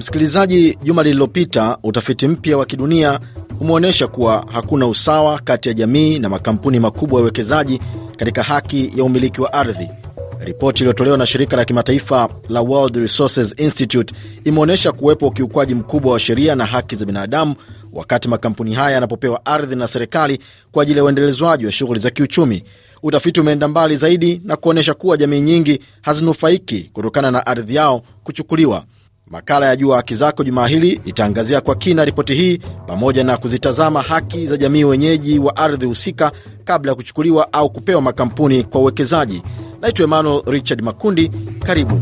Msikilizaji, juma lililopita utafiti mpya wa kidunia umeonyesha kuwa hakuna usawa kati ya jamii na makampuni makubwa ya uwekezaji katika haki ya umiliki wa ardhi. Ripoti iliyotolewa na shirika la kimataifa la World Resources Institute imeonyesha kuwepo ukiukwaji mkubwa wa sheria na haki za binadamu wakati makampuni haya yanapopewa ardhi na serikali kwa ajili ya uendelezwaji wa shughuli za kiuchumi. Utafiti umeenda mbali zaidi na kuonyesha kuwa jamii nyingi hazinufaiki kutokana na ardhi yao kuchukuliwa. Makala ya Jua Haki Zako jumaa hili itaangazia kwa kina ripoti hii pamoja na kuzitazama haki za jamii wenyeji wa ardhi husika kabla ya kuchukuliwa au kupewa makampuni kwa uwekezaji. Naitwa Emmanuel Richard Makundi, karibu.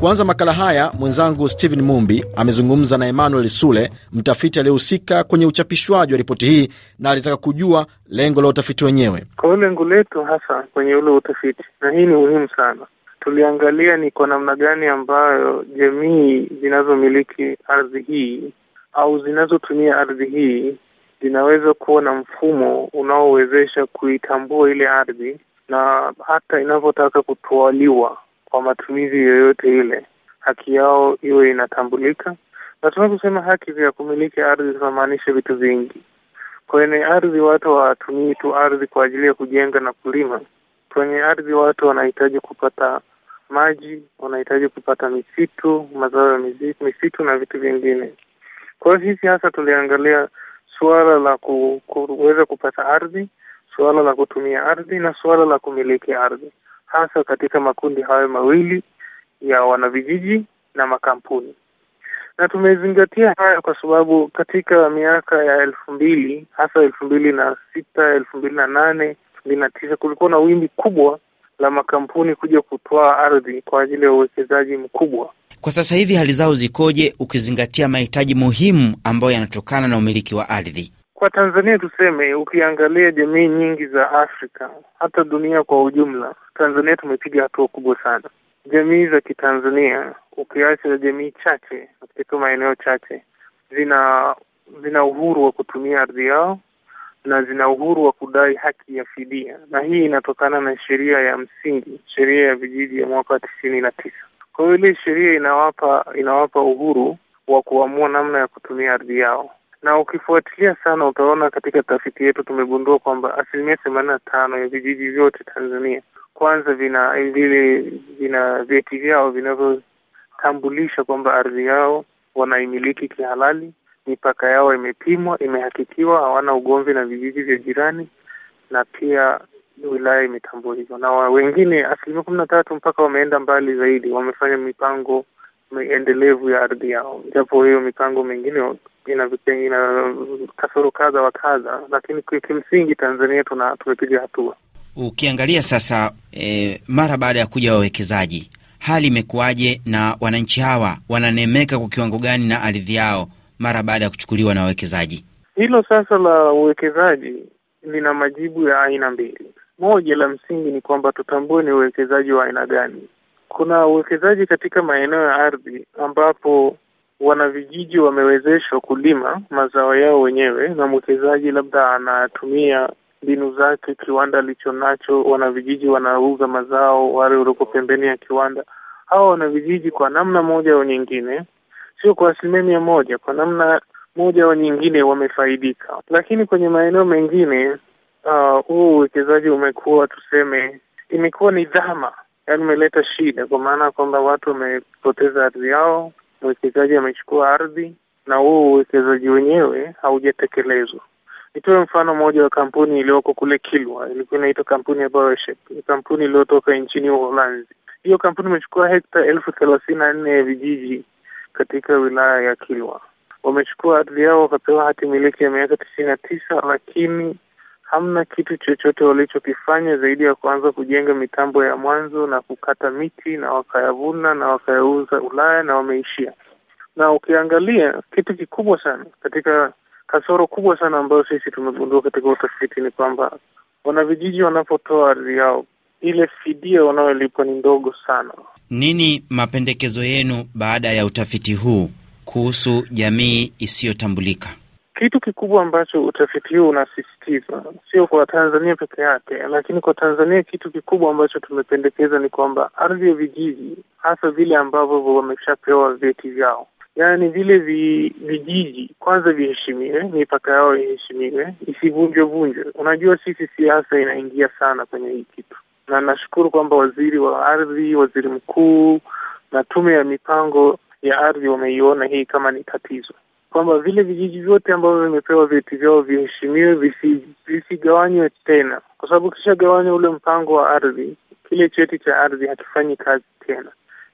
Kuanza makala haya, mwenzangu Stephen Mumbi amezungumza na Emmanuel Sule, mtafiti aliyehusika kwenye uchapishwaji wa ripoti hii, na alitaka kujua lengo la utafiti wenyewe. Kwa hiyo lengo letu hasa kwenye ule utafiti, na hii ni muhimu sana, tuliangalia ni kwa namna gani ambayo jamii zinazomiliki ardhi hii au zinazotumia ardhi hii zinaweza kuwa na mfumo unaowezesha kuitambua ile ardhi na hata inavyotaka kutwaliwa kwa matumizi yoyote ile, haki yao iwe inatambulika. Na tunaposema haki ya kumiliki ardhi tunamaanisha vitu vingi. Kwenye ardhi, watu hawatumii tu ardhi kwa ajili ya kujenga na kulima. Kwenye ardhi, watu wanahitaji kupata maji, wanahitaji kupata misitu, mazao ya misitu na vitu vingine. Kwa hiyo sisi hasa tuliangalia suala la ku, kuweza kupata ardhi, suala la kutumia ardhi na suala la kumiliki ardhi, hasa katika makundi hayo mawili ya wanavijiji na makampuni. Na tumezingatia haya kwa sababu katika miaka ya elfu mbili hasa elfu mbili na sita elfu mbili na nane elfu mbili na tisa kulikuwa na wimbi kubwa la makampuni kuja kutoa ardhi kwa ajili ya uwekezaji mkubwa. Kwa sasa hivi hali zao zikoje, ukizingatia mahitaji muhimu ambayo yanatokana na umiliki wa ardhi? Kwa Tanzania tuseme, ukiangalia jamii nyingi za Afrika hata dunia kwa ujumla, Tanzania tumepiga hatua kubwa sana. Jamii za Kitanzania ukiacha jamii chache katika maeneo chache, zina zina uhuru wa kutumia ardhi yao na zina uhuru wa kudai haki ya fidia, na hii inatokana na sheria ya msingi, sheria ya vijiji ya mwaka wa tisini na tisa. Kwa hiyo ile sheria inawapa inawapa uhuru wa kuamua namna ya kutumia ardhi yao, na ukifuatilia sana utaona katika tafiti yetu tumegundua kwamba asilimia themanini na tano ya vijiji vyote Tanzania kwanza vina vile vina vyeti vyao vinavyotambulisha kwamba ardhi yao wanaimiliki kihalali mipaka yao imepimwa, imehakikiwa, hawana ugomvi na vijiji vya jirani, na pia wilaya imetambua hivyo, na wengine asilimia kumi na tatu mpaka wameenda mbali zaidi, wamefanya mipango endelevu ya ardhi yao, japo hiyo mipango mingine ina ina kasoro kadha wa kadha, lakini kimsingi Tanzania tuna tumepiga hatua. Ukiangalia sasa e, mara baada ya kuja wawekezaji, hali imekuwaje na wananchi hawa wananemeka kwa kiwango gani na ardhi yao? mara baada ya kuchukuliwa na wawekezaji? Hilo sasa la uwekezaji lina majibu ya aina mbili. Moja la msingi ni kwamba tutambue ni uwekezaji wa aina gani. Kuna uwekezaji katika maeneo ya ardhi ambapo wanavijiji wamewezeshwa kulima mazao yao wenyewe, na mwekezaji labda anatumia mbinu zake, kiwanda alichonacho, wanavijiji wanauza mazao wale walioko pembeni ya kiwanda. Hawa wanavijiji kwa namna moja au nyingine sio kwa asilimia mia moja, kwa namna moja au nyingine wamefaidika, lakini kwenye maeneo mengine uh, huu uh, uwekezaji umekuwa tuseme, imekuwa ni dhama, yaani umeleta shida, kwa maana ya kwamba watu wamepoteza ardhi yao, mwekezaji amechukua ardhi na huu uwekezaji wenyewe haujatekelezwa. Nitoe mfano mmoja wa kampuni iliyoko kule Kilwa, ilikuwa inaitwa kampuni ya ni kampuni iliyotoka nchini Uholanzi. Hiyo kampuni imechukua hekta elfu thelathini na nne ya vijiji katika wilaya ya Kilwa. Wamechukua ardhi yao wakapewa hati miliki ya miaka tisini na tisa, lakini hamna kitu chochote walichokifanya zaidi ya kuanza kujenga mitambo ya mwanzo na kukata miti na wakayavuna na wakayauza Ulaya na wameishia. Na ukiangalia kitu kikubwa sana katika kasoro kubwa sana ambayo sisi tumegundua katika utafiti ni kwamba wanavijiji wanapotoa ardhi yao ile fidia wanayolipwa ni ndogo sana. Nini mapendekezo yenu baada ya utafiti huu kuhusu jamii isiyotambulika? Kitu kikubwa ambacho utafiti huu unasisitiza, sio kwa Tanzania peke yake, lakini kwa Tanzania, kitu kikubwa ambacho tumependekeza ni kwamba ardhi ya vijiji, hasa vile ambavyo wameshapewa vyeti vyao, yaani vile vi, vijiji kwanza viheshimiwe, mipaka yao iheshimiwe, isivunjwevunjwe Unajua, sisi siasa inaingia sana kwenye hii kitu na nashukuru kwamba waziri wa ardhi, waziri mkuu na tume ya mipango ya ardhi wameiona hii kama ni tatizo, kwamba vile vijiji vyote ambavyo vimepewa vyeti vyao viheshimiwe, visigawanywe tena, kwa sababu kishagawanywa ule mpango wa ardhi, kile cheti cha ardhi hakifanyi kazi tena,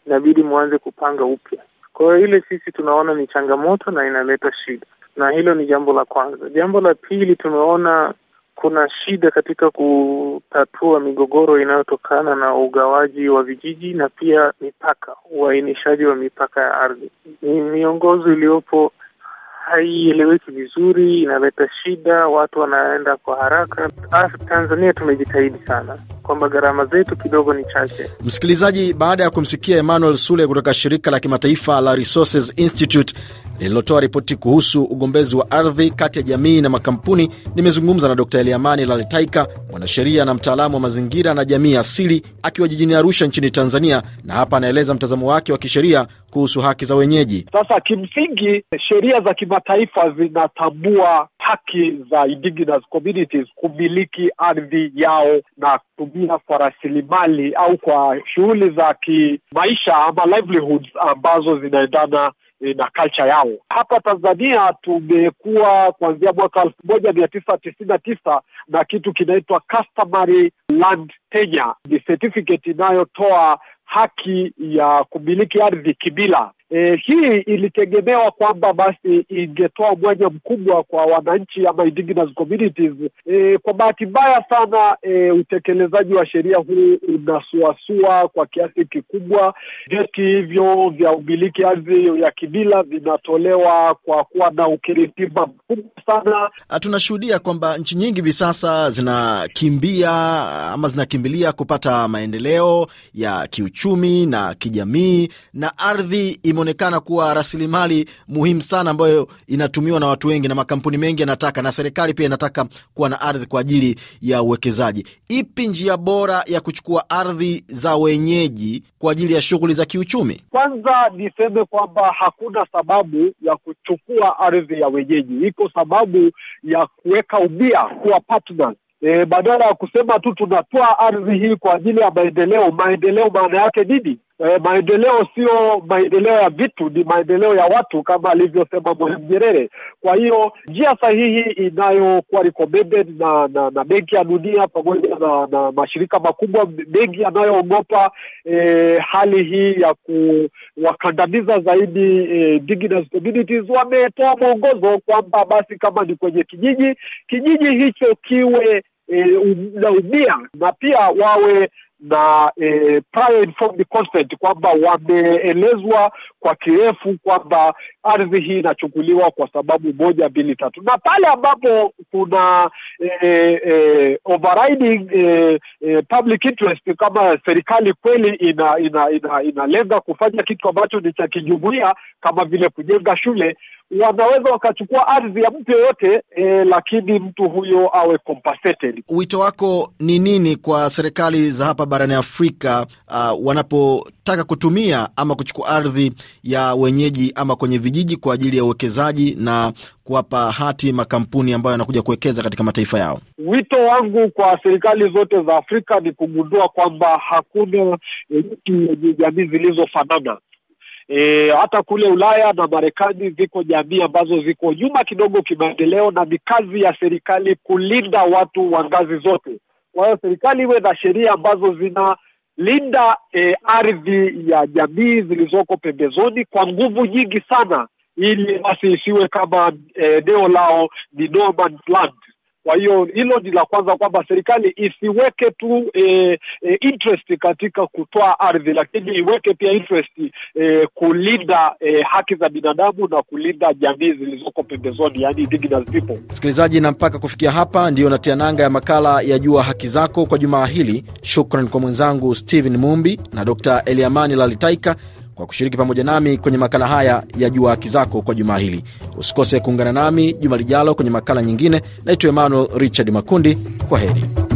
inabidi mwanze kupanga upya. Kwa hiyo ile sisi tunaona ni changamoto na inaleta shida, na hilo ni jambo la kwanza. Jambo la pili, tumeona kuna shida katika kutatua migogoro inayotokana na ugawaji wa vijiji na pia mipaka, uainishaji wa mipaka ya ardhi. Ni miongozo iliyopo haieleweki vizuri, inaleta shida, watu wanaenda kwa haraka. Ah, Tanzania tumejitahidi sana kwamba gharama zetu kidogo ni chache. Msikilizaji, baada ya kumsikia Emmanuel Sule kutoka shirika la kimataifa la Resources Institute lililotoa ripoti kuhusu ugombezi wa ardhi kati ya jamii na makampuni, nimezungumza na dr Eliamani Laletaika, mwanasheria na mtaalamu wa mazingira na jamii asili, akiwa jijini Arusha nchini Tanzania, na hapa anaeleza mtazamo wake wa kisheria kuhusu haki za wenyeji. Sasa kimsingi, sheria za kimataifa zinatambua haki za indigenous communities kumiliki ardhi yao na kutumia kwa rasilimali au kwa shughuli za kimaisha ama livelihoods ambazo zinaendana Eh, na culture yao. Hapa Tanzania tumekuwa kuanzia mwaka elfu moja mia tisa tisini na tisa na kitu kinaitwa customary land tenure, ni certificate inayotoa haki ya kumiliki ardhi kibila. E, hii ilitegemewa kwamba basi ingetoa mwanya mkubwa kwa wananchi ama indigenous communities. E, kwa bahati mbaya sana e, utekelezaji wa sheria huu unasuasua kwa kiasi kikubwa. Vyeti hivyo vya umiliki ardhi ya kibila vinatolewa kwa kuwa na ukiritima mkubwa sana. Ah, tunashuhudia kwamba nchi nyingi hivi sasa zinakimbia ama zinakimbilia kupata maendeleo ya kiuchumi na kijamii na ardhi imo inaonekana kuwa rasilimali muhimu sana ambayo inatumiwa na watu wengi na makampuni mengi yanataka, na serikali pia inataka kuwa na ardhi kwa ajili ya uwekezaji. Ipi njia bora ya kuchukua ardhi za wenyeji kwa ajili ya shughuli za kiuchumi? Kwanza niseme kwamba hakuna sababu ya kuchukua ardhi ya wenyeji, iko sababu ya kuweka ubia kuwa partners. E, badala ya kusema tu tunatoa ardhi hii kwa ajili ya maendeleo. Maendeleo maana yake nini? E, maendeleo sio maendeleo ya vitu, ni maendeleo ya watu kama alivyosema Mwalimu Nyerere. Kwa hiyo njia sahihi inayokuwa recommended na, na, na Benki ya Dunia pamoja na, na mashirika makubwa mengi yanayoogopa e, hali hii ya kuwakandamiza zaidi e, indigenous communities, wametoa mwongozo kwamba basi kama ni kwenye kijiji, kijiji hicho kiwe e, um, na umia na pia wawe na e, prior informed consent kwamba wameelezwa kwa kirefu kwamba ardhi hii inachukuliwa kwa sababu moja mbili tatu, na pale ambapo kuna e, e, e overriding e, e, public interest, kama serikali kweli inalenga ina, ina, ina kufanya kitu ambacho ni cha kijumuia kama vile kujenga shule wanaweza wakachukua ardhi ya mtu yoyote e, lakini mtu huyo awe compensated. Wito wako ni nini kwa serikali za hapa barani Afrika uh, wanapotaka kutumia ama kuchukua ardhi ya wenyeji ama kwenye vijiji kwa ajili ya uwekezaji na kuwapa hati makampuni ambayo yanakuja kuwekeza katika mataifa yao? Wito wangu kwa serikali zote za Afrika ni kugundua kwamba hakuna nchi yenye jamii zilizofanana. E, hata kule Ulaya na Marekani ziko jamii ambazo ziko nyuma kidogo kimaendeleo, na ni kazi ya serikali kulinda watu wa ngazi zote. Kwa hiyo serikali iwe na sheria ambazo zinalinda e, ardhi ya jamii zilizoko pembezoni kwa nguvu nyingi sana, ili basi isiwe kama e, eneo lao ni no man's land. Kwa hiyo hilo ni la kwanza, kwamba serikali isiweke tu e, e, interest katika kutoa ardhi, lakini iweke pia interest e, kulinda e, haki za binadamu na kulinda jamii zilizoko pembezoni, yani indigenous people. Msikilizaji, na mpaka kufikia hapa ndiyo natia nanga ya makala ya Jua Haki Zako kwa jumaa hili. Shukran kwa mwenzangu Steven Mumbi na Dr Eliamani Lalitaika kwa kushiriki pamoja nami kwenye makala haya ya Jua Haki Zako kwa jumaa hili. Usikose kuungana nami juma lijalo kwenye makala nyingine. Naitwa Emmanuel Richard Makundi. Kwa heri.